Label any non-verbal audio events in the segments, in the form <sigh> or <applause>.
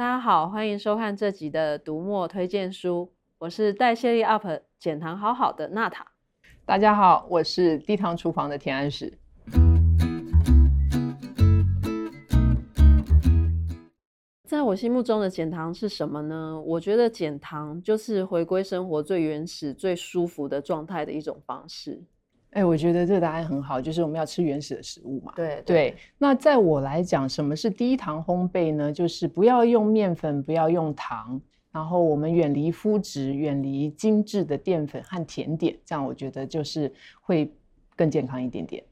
大家好，歡迎收看這集的讀墨推薦書，我是代謝力 UP 減醣好好的娜塔。大家好，我是低醣廚房的田安石。在我心目中的減醣是什麼呢？我覺得減醣就是回歸生活最原始、最舒服的狀態的一種方式。哎、欸，我覺得這個答案很好，就是我們要吃原始的食物嘛。對對，對。那在我來講，什麼是低醣烘焙呢？就是不要用麵粉，不要用糖，然後我們遠離麩質，遠離精致的澱粉和甜點，這樣我覺得就是會更健康一點點。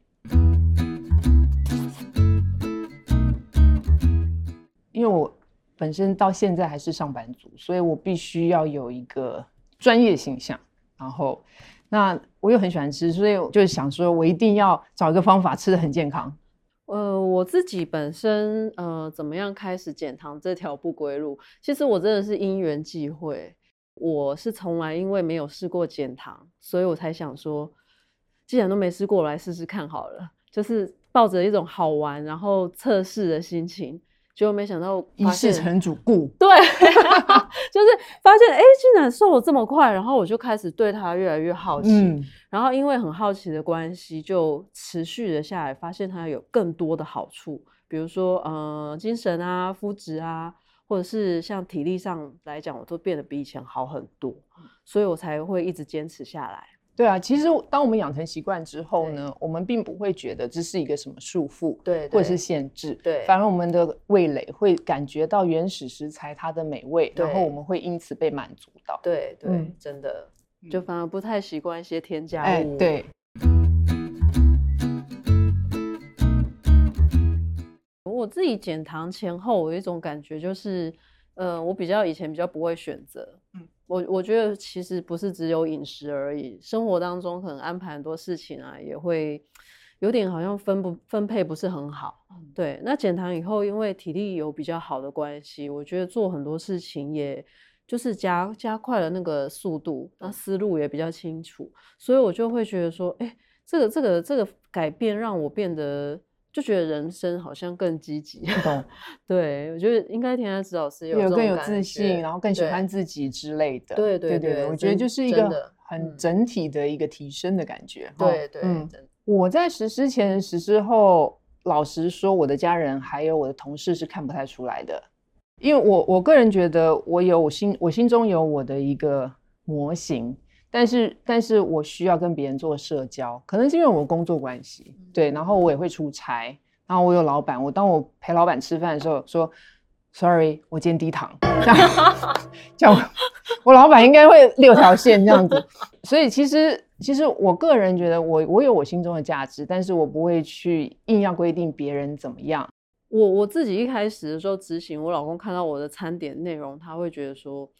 因為我本身到現在還是上班族，所以我必須要有一個專業形象，然後。那我又很喜歡吃，所以就想說，我一定要找一個方法吃得很健康。呃，我自己本身呃，怎麼樣開始減糖這條不歸路？其實我真的是因緣際會，我是從來因為沒有試過減糖，所以我才想說，既然都沒試過，我來試試看好了，就是抱着一種好玩，然後測試的心情。結果沒想到，一試成主顧，對， <laughs> <laughs> 就是發現哎、欸，竟然瘦了這麼快，然後我就開始對他越來越好奇。嗯、然後因為很好奇的關係，就持續的下來，發現他有更多的好處，比如說呃精神啊、膚質啊，或者是像體力上來講，我都變得比以前好很多，所以我才會一直堅持下來。對啊，其實當我們養成習慣之後呢，我們並不會覺得這是一個什麼束縛，對，或者是限制，對，反而我們的味蕾會感覺到原始食材它的美味，然後我們會因此被滿足到，對對、嗯，真的就反而不太習慣一些添加物，嗯欸、對。我自己減糖前後，我有一種感覺就是，呃，我比較以前比較不會選擇。我我覺得其實不是只有飲食而已，生活當中可能安排很多事情啊，也會有點好像分不，分配不是很好。嗯、對，那減醣以後，因為體力有比較好的關係，我覺得做很多事情也就是加加快了那個速度，那思路也比較清楚，嗯、所以我就會覺得說，哎、欸，這個這個這個改變讓我變得。就覺得人生好像更積極、嗯， <laughs> 對，我覺得應該田安石老師有更有自信，然後更喜歡自己之類的對對對對。對對對，我覺得就是一個很整體的一個提升的感覺。嗯、感覺對，對對，嗯，我在實施前、實施後，老實說，我的家人還有我的同事是看不太出來的，因為我我個人覺得，我有我心，我心中有我的一個模型。但是，但是我需要跟別人做社交，可能是因為我工作關係，對。然後我也會出差，然後我有老板，我當我陪老板吃飯的時候，說，sorry，我今天低醣，叫 <laughs> 我老板應該會六條線這樣子。所以其實，其實我個人覺得我，我我有我心中的價值，但是我不會去硬要規定別人怎麼樣。我我自己一開始的時候執行，我老公看到我的餐點內容，他會覺得說，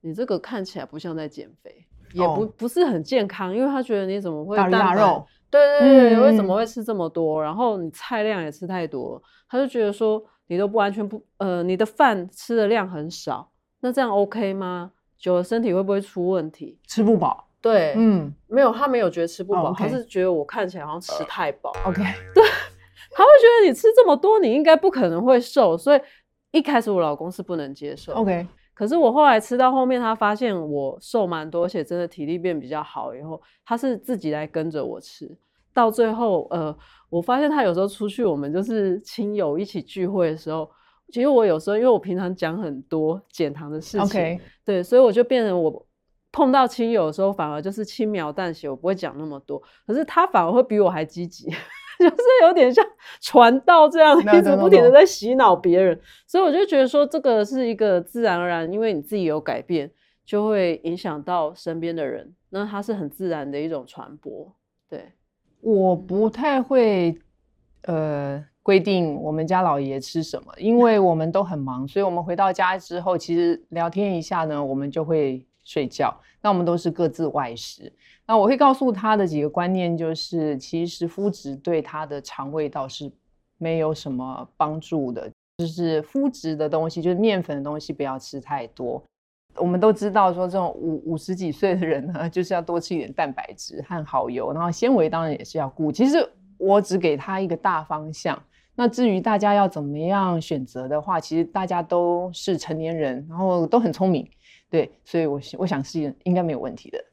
你這個看起來不像在減肥。也不，oh. 不是很健康，因為他覺得你怎麼會大肉？對對對，為、嗯、什麼會吃這麼多？然後你菜量也吃太多，他就覺得說你都不完全不呃，你的飯吃的量很少，那這樣 OK 嗎？久了身體會不會出問題？吃不飽？對，嗯，沒有，他沒有覺得吃不飽，oh, okay. 他是覺得我看起來好像吃太飽。Uh, OK，對， <laughs> 他會覺得你吃這麼多，你應該不可能會瘦，所以一開始我老公是不能接受。OK。可是我後來吃到後面，他發現我瘦蠻多，而且真的體力變比較好。以後他是自己來跟着我吃，到最後，呃，我發現他有時候出去，我們就是親友一起聚會的時候，其實我有時候因為我平常講很多減糖的事情，Okay. 對，所以我就變成我碰到親友的時候，反而就是輕描淡寫，我不會講那麼多。可是他反而會比我還積極。 <laughs> 就是有點像傳道這樣等等等等，一直不停的在洗腦別人，所以我就覺得說，這個是一個自然而然，因為你自己有改變，就會影響到身邊的人，那它是很自然的一種傳播。對，我不太會，呃，規定我們家老爺吃什麼，因為我們都很忙，所以我們回到家之後，其實聊天一下呢，我們就會。睡覺，那我們都是各自外食。那我會告訴他的幾個觀念，就是其實麩質對他的腸胃道是沒有什麼幫助的，就是麩質的東西，就是麵粉的東西不要吃太多。我們都知道說，這種五五十幾歲的人呢，就是要多吃一點蛋白質和好油，然後纖維當然也是要顧。其實我只給他一個大方向。那至於大家要怎麼樣選擇的話，其實大家都是成年人，然後都很聰明，對，所以，我我想是應該沒有問題的。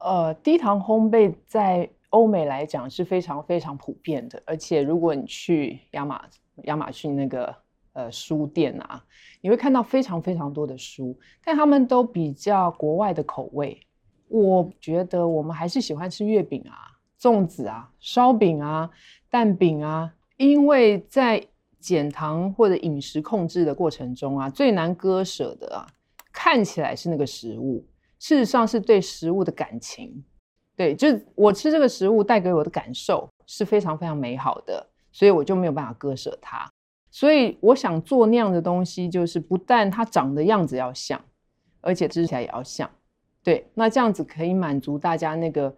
呃，低醣烘焙在歐美來講是非常非常普遍的，而且如果你去亞馬亞馬遜那個呃書店啊，你會看到非常非常多的書，但他們都比較國外的口味。我覺得我們還是喜歡吃月餅啊、粽子啊、燒餅啊、蛋餅啊，因為在減糖或者飲食控制的過程中啊，最難割舍的啊，看起來是那個食物，事實上是對食物的感情。對，就是我吃這個食物帶給我的感受是非常非常美好的，所以我就沒有辦法割舍它。所以我想做那樣的東西，就是不但它長的樣子要像，而且吃起來也要像。對，那這樣子可以滿足大家那個，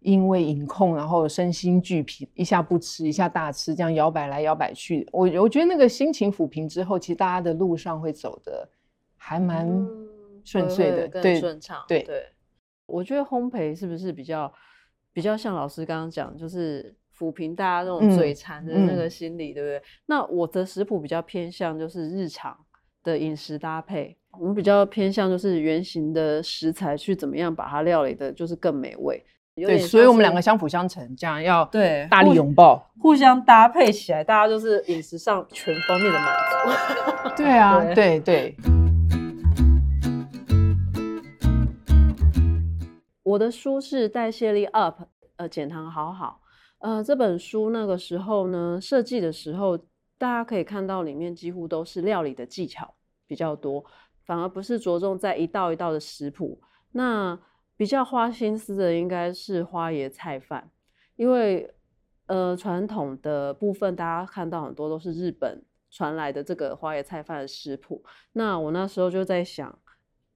因為飲控，然後身心俱疲，一下不吃，一下大吃，這樣搖擺來搖擺去。我我覺得那個心情撫平之後，其實大家的路上會走的還蠻順遂的，嗯、對，更順暢。對對，對。我覺得烘焙是不是比較比較像老師剛剛講，就是撫平大家那種嘴饞的那個心理、嗯嗯，對不對？那我的食譜比較偏向就是日常的飲食搭配。我們比較偏向，就是原型的食材去怎麼樣把它料理的，就是更美味。對，所以我們兩個相輔相成，這樣要對大力擁抱互，互相搭配起來，大家就是飲食上全方面的滿足。 <laughs> 對啊， <laughs> 對對，對。我的書是代謝力 UP，呃，減醣好好。呃，這本書那個時候呢，設計的時候，大家可以看到裡面幾乎都是料理的技巧比較多。反而不是着重在一道一道的食譜，那比較花心思的應該是花椰菜飯，因為呃傳統的部分，大家看到很多都是日本傳來的這個花椰菜飯的食譜。那我那時候就在想，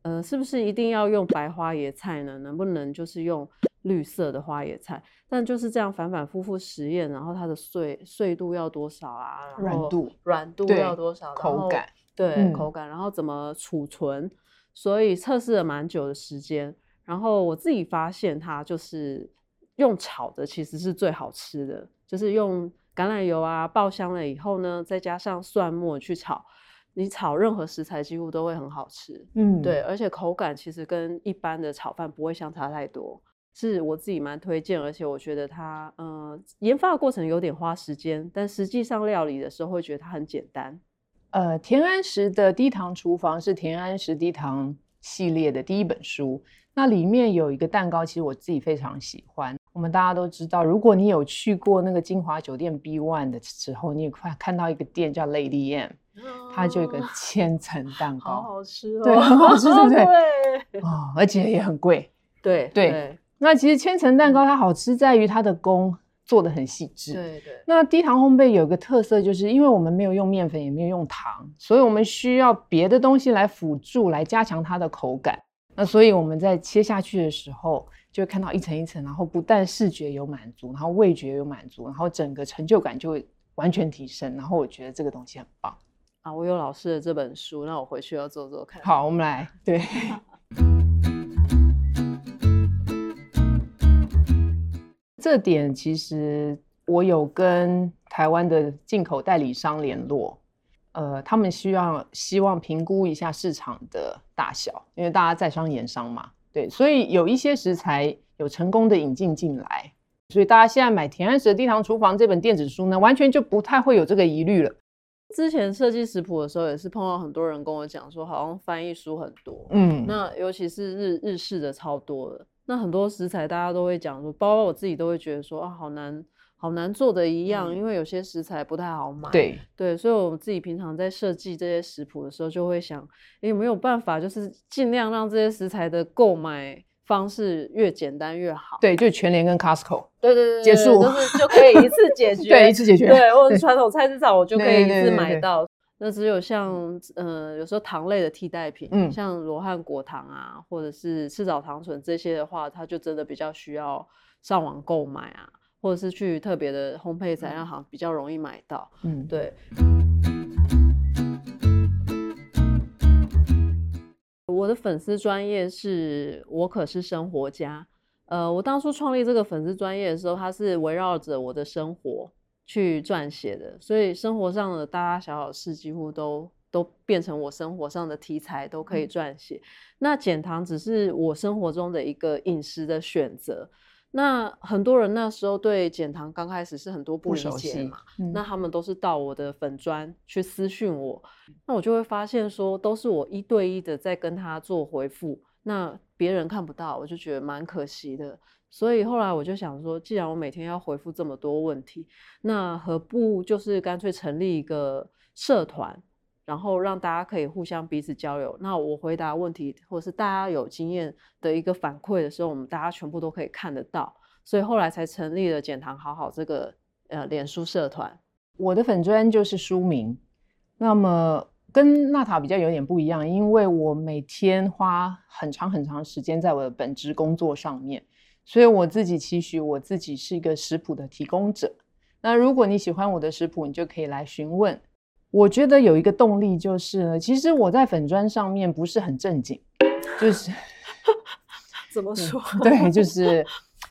呃，是不是一定要用白花椰菜呢？能不能就是用綠色的花椰菜？但就是這樣反反复覆實驗，然後它的碎碎度要多少啊？軟度，軟度要多少？口感。對，嗯，口感，然後怎麼儲存，所以測試了蠻久的時間。然後我自己發現，它就是用炒的其實是最好吃的，就是用橄欖油啊爆香了以後呢，再加上蒜末去炒，你炒任何食材幾乎都會很好吃。嗯，對，而且口感其實跟一般的炒飯不會相差太多，是我自己蠻推薦。而且我覺得它，嗯，呃，研發的過程有點花時間，但實際上料理的時候會覺得它很簡單。呃，田安石的低醣廚房是田安石低醣系列的第一本書。那裡面有一個蛋糕，其實我自己非常喜歡。我們大家都知道，如果你有去過那個金華酒店 B One 的時候，你也快看到一個店叫 Lady M，它就一個千層蛋糕，啊，好好吃哦，對，很好吃，對不對？啊，對。哦，而且也很貴。對、對，對，那其實千層蛋糕它好吃在於它的工。做的很細緻，對對。那低糖烘焙有個特色，就是因為我們沒有用麵粉，也沒有用糖，所以我們需要別的東西來輔助，來加強它的口感。那所以我們在切下去的時候，就會看到一層一層，然後不但視覺有滿足，然後味覺有滿足，然後整個成就感就會完全提升。然後我覺得這個東西很棒啊！我有老師的這本書，那我回去要做做看看。好，我們來對。 <laughs> 這點其實我有跟台灣的進口代理商聯絡，呃，他們需要希望評估一下市場的大小，因為大家在商言商嘛，對，所以有一些食材有成功的引進進來，所以大家現在買田安石的《低醣廚房》這本電子書呢，完全就不太會有這個疑慮了。之前設計食譜的時候，也是碰到很多人跟我講說，好像翻譯書很多，嗯，那尤其是日日式的超多了那很多食材，大家都會講說，包括我自己都會覺得說啊，好難，好難做的一樣，嗯，因為有些食材不太好買。對對，所以我們自己平常在設計這些食譜的時候，就會想，有沒有辦法就是盡量讓這些食材的購買方式越簡單越好。對，就全聯跟 Costco。對對對對。結束。就是就可以一次解決。 <laughs> 對，一次解決。對，我傳統菜市場我就可以一次買到。那只有像，嗯、呃，有時候糖類的替代品，嗯，像羅漢果糖啊，或者是赤藻糖醇這些的話，它就真的比較需要上網購買啊，或者是去特別的烘焙材料行比較容易買到，嗯，對。嗯、我的粉絲專業是我可是生活家，呃，我當初創立這個粉絲專業的時候，它是圍繞着我的生活，去撰寫的，所以生活上的大大小小事，幾乎都都變成我生活上的題材，都可以撰寫，嗯。那減醣只是我生活中的一個飲食的選擇。那很多人那時候對減醣剛開始是很多不理解嘛，嗯、那他們都是到我的粉專去私訊我，那我就會發現說都是我一對一的在跟他做回復，那別人看不到，我就覺得蠻可惜的。所以後來我就想說，既然我每天要回覆這麼多問題，那何不就是乾脆成立一個社團，然後讓大家可以互相彼此交流。那我回答問題，或者是大家有經驗的一個反饋的時候，我們大家全部都可以看得到。所以後來才成立了減醣好好這個呃臉書社團。我的粉專就是書名，那麼跟娜塔比較有點不一樣，因為我每天花很長很長時間在我的本職工作上面。所以我自己期許我自己是一個食譜的提供者。那如果你喜歡我的食譜，你就可以來詢問。我覺得有一個動力就是，其實我在粉專上面，不是很正經，就是，怎麼說？嗯，對，就是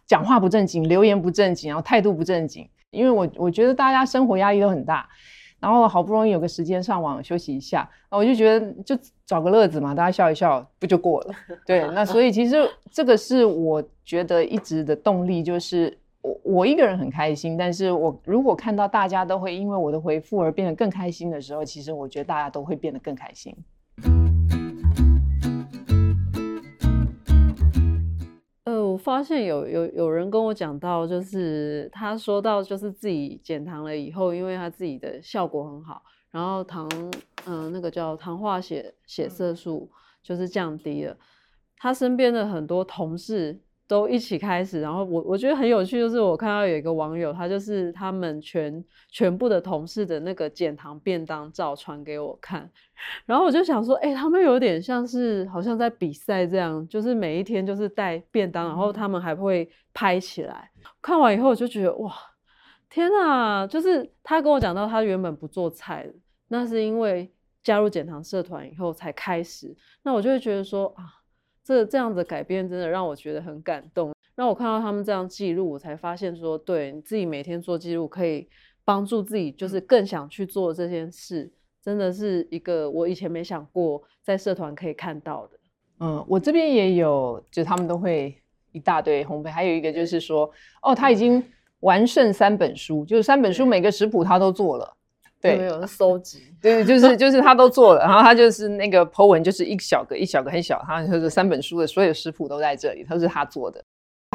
講話不正經，留言不正經，然後態度不正經。因為我我覺得大家生活壓力都很大。然後好不容易有個時間上網休息一下，那我就覺得就找個樂子嘛，大家笑一笑不就過了？對，那所以其實這個是我覺得一直的動力，就是我我一個人很開心，但是我如果看到大家都會因為我的回復而變得更開心的時候，其實我覺得大家都會變得更開心。發現有有有人跟我講到，就是他說到，就是自己減糖了以後，因為他自己的效果很好，然後糖，嗯，那個叫糖化血血色素就是降低了，他身邊的很多同事。都一起開始，然後我我覺得很有趣，就是我看到有一個網友，他就是他們全全部的同事的那個減糖便當照傳給我看，然後我就想說，哎、欸，他們有點像是好像在比賽這樣，就是每一天就是帶便當、嗯，然後他們還會拍起來。看完以後我就覺得，哇，天啊，就是他跟我講到他原本不做菜，那是因為加入減糖社團以後才開始，那我就會覺得說啊。這這樣的改變真的讓我覺得很感動，讓我看到他們這樣記錄，我才發現說，對，你自己每天做記錄可以幫助自己，就是更想去做這件事，嗯，真的是一個我以前沒想過在社團可以看到的。嗯，我這邊也有，就他們都會一大堆烘焙，還有一個就是說，哦，他已經完勝三本書，就是三本書每個食譜他都做了。嗯對，沒有搜集，對，就是就是就是他都做了， <laughs> 然後他就是那個 po 文，就是一小個一小個很小，他就是三本書的所有食譜都在這裡，都是他做的。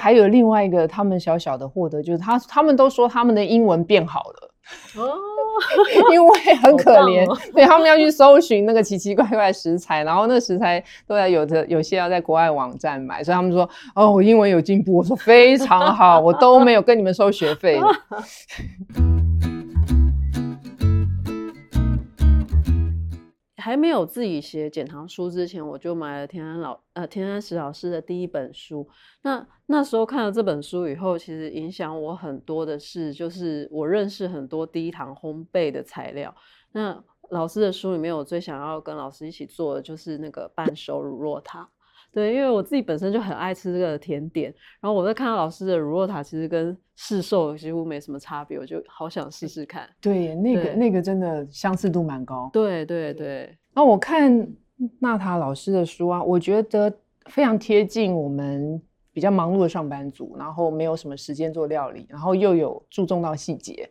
還有另外一個，他們小小的獲得就是他，他們都說他們的英文變好了哦， <laughs> 因為很可憐，哦、對他們要去搜尋那個奇奇怪怪的食材，然後那食材都要有的有些要在國外網站買，所以他們說哦，我英文有進步，我說非常好， <laughs> 我都沒有跟你們收學費。 <laughs> 還沒有自己寫減醣書之前，我就買了田安老呃田安石老師的第一本書。那那時候看了這本書以後，其實影響我很多的是，就是我認識很多低醣烘焙的材料。那老師的書裡面，我最想要跟老師一起做的就是那個半熟乳酪塔。對，因為我自己本身就很愛吃這個甜點，然後我在看到老師的乳酪塔，其實跟市售幾乎沒什麼差別，我就好想試試看。對，那個那個真的相似度蠻高。對對對。那我看娜塔老師的書啊，我覺得非常貼近我們比較忙碌的上班族，然後沒有什麼時間做料理，然後又有注重到細節，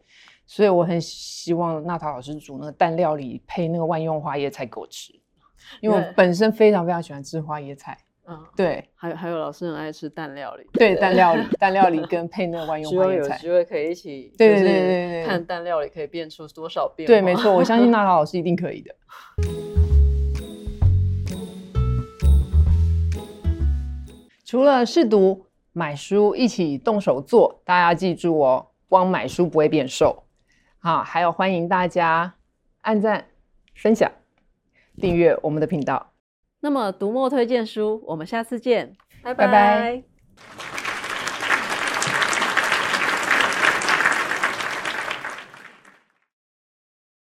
所以我很希望娜塔老師煮那個蛋料理配那個萬用花椰菜給我吃，因為我本身非常非常喜歡吃花椰菜。嗯，對，還有還有，老師很愛吃蛋料理。對，對蛋料理， <laughs> 蛋料理跟配那萬用萬用菜。有機會可以一起，對對對，看蛋料理可以變出多少變化。化對，對，對，對，對，沒錯，我相信娜塔老師一定可以的。 <laughs> 除了試讀、買書、一起動手做，大家要記住哦，光買書不會變瘦。好、啊，還有歡迎大家按讚、分享、訂閱我們的頻道。嗯那麼，讀墨推薦書，我們下次見，拜拜。Bye bye